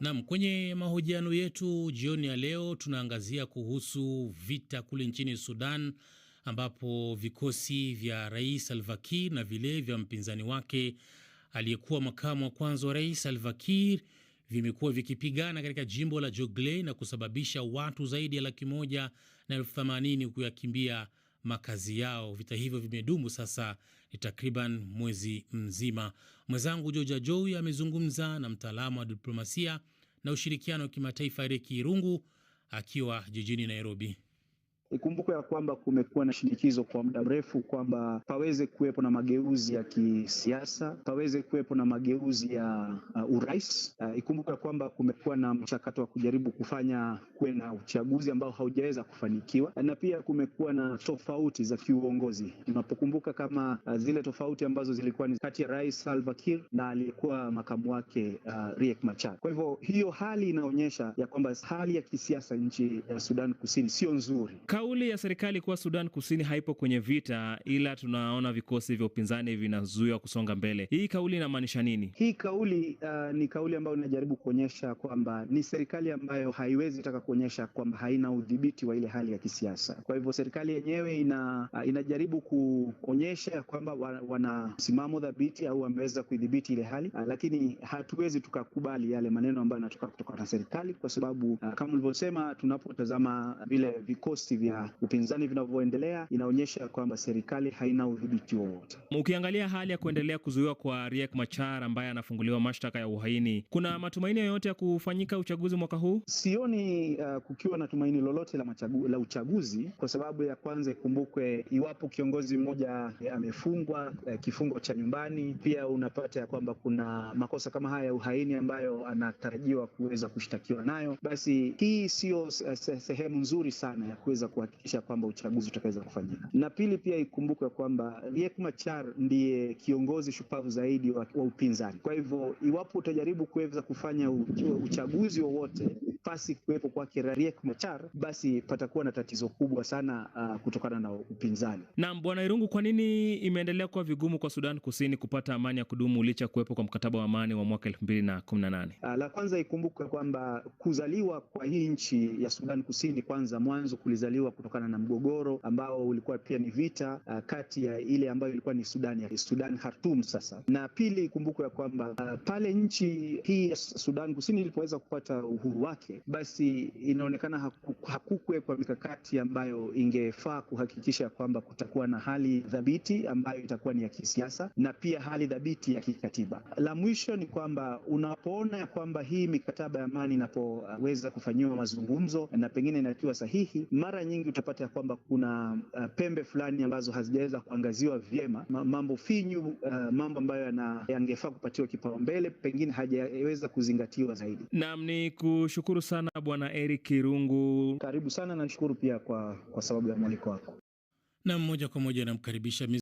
Naam, kwenye mahojiano yetu jioni ya leo tunaangazia kuhusu vita kule nchini Sudan ambapo vikosi vya Rais Salva Kiir na vile vya mpinzani wake aliyekuwa makamu wa kwanza wa Rais Salva Kiir vimekuwa vikipigana katika jimbo la Jonglei na kusababisha watu zaidi ya laki moja na elfu themanini kuyakimbia makazi yao. Vita hivyo vimedumu sasa ni takriban mwezi mzima. Mwenzangu Joja joi amezungumza na mtaalamu wa diplomasia na ushirikiano wa kimataifa Eriki Irungu akiwa jijini Nairobi. Ikumbukwe ya kwamba kumekuwa na shinikizo kwa muda mrefu kwamba paweze kuwepo na mageuzi ya kisiasa, paweze kuwepo na mageuzi ya uh, urais. Uh, ikumbukwe ya kwamba kumekuwa na mchakato wa kujaribu kufanya kuwe na uchaguzi ambao haujaweza kufanikiwa, na pia kumekuwa na tofauti za kiuongozi. Unapokumbuka kama uh, zile tofauti ambazo zilikuwa ni kati ya Rais Salva Kiir na aliyekuwa makamu wake uh, Riek Machar. Kwa hivyo hiyo hali inaonyesha ya kwamba hali ya kisiasa nchi ya Sudan Kusini sio nzuri. Kauli ya serikali kuwa Sudan Kusini haipo kwenye vita, ila tunaona vikosi vya upinzani vinazuiwa kusonga mbele, hii kauli inamaanisha nini? Hii kauli uh, ni kauli ambayo inajaribu kuonyesha kwamba ni serikali ambayo haiwezi taka kuonyesha kwamba haina udhibiti wa ile hali ya kisiasa. Kwa hivyo serikali yenyewe ina uh, inajaribu kuonyesha kwamba wana msimamo dhabiti au wameweza kuidhibiti ile hali uh, lakini hatuwezi tukakubali yale maneno ambayo yanatoka kutoka na serikali, kwa sababu uh, kama ulivyosema, tunapotazama vile vikosi vya upinzani vinavyoendelea inaonyesha kwamba serikali haina udhibiti wowote. Ukiangalia hali ya kuendelea kuzuiwa kwa Riek Machar ambaye anafunguliwa mashtaka ya uhaini, kuna matumaini yoyote ya kufanyika uchaguzi mwaka huu? Sioni uh, kukiwa na tumaini lolote la, machagu, la uchaguzi kwa sababu ya kwanza, ikumbukwe iwapo kiongozi mmoja eh, amefungwa uh, kifungo cha nyumbani, pia unapata ya kwamba kuna makosa kama haya ya uhaini ambayo anatarajiwa kuweza kushtakiwa nayo, basi hii siyo eh, sehemu nzuri sana ya kuweza kuhakikisha kwamba uchaguzi utakaweza kufanyika. Na pili pia ikumbukwe kwamba Riek Machar ndiye kiongozi shupavu zaidi wa, wa upinzani. Kwa hivyo iwapo utajaribu kuweza kufanya uchaguzi wowote pasi kuwepo kwake Riek Machar, basi patakuwa na tatizo kubwa sana uh, kutokana na upinzani. Naam, Bwana Irungu, kwa nini imeendelea kuwa vigumu kwa Sudan Kusini kupata amani ya kudumu licha kuwepo kwa mkataba wa amani wa mwaka elfu mbili na kumi na nane? Uh, la kwanza ikumbukwe kwamba kuzaliwa kwa hii nchi ya Sudan Kusini, kwanza mwanzo kulizaliwa kuondolewa kutokana na mgogoro ambao ulikuwa pia ni vita uh, kati ya ile ambayo ilikuwa ni Sudan ya Sudan Khartoum. Sasa na pili, kumbuko ya kwamba uh, pale nchi hii ya Sudan Kusini ilipoweza kupata uhuru wake, basi inaonekana haku, kwa mikakati ambayo ingefaa kuhakikisha kwamba kutakuwa na hali dhabiti ambayo itakuwa ni ya kisiasa na pia hali dhabiti ya kikatiba. La mwisho ni kwamba unapoona ya kwamba hii mikataba ya amani inapoweza kufanyiwa mazungumzo na pengine inatiwa sahihi, mara nyingi nyingi utapata ya kwamba kuna uh, pembe fulani ambazo hazijaweza kuangaziwa vyema, mambo finyu, uh, mambo ambayo yangefaa kupatiwa kipaumbele pengine hajaweza kuzingatiwa zaidi. Naam, ni kushukuru sana Bwana Eric Kirungu, karibu sana. Nashukuru pia kwa, kwa sababu ya mwaliko wako. Nam, moja kwa moja namkaribisha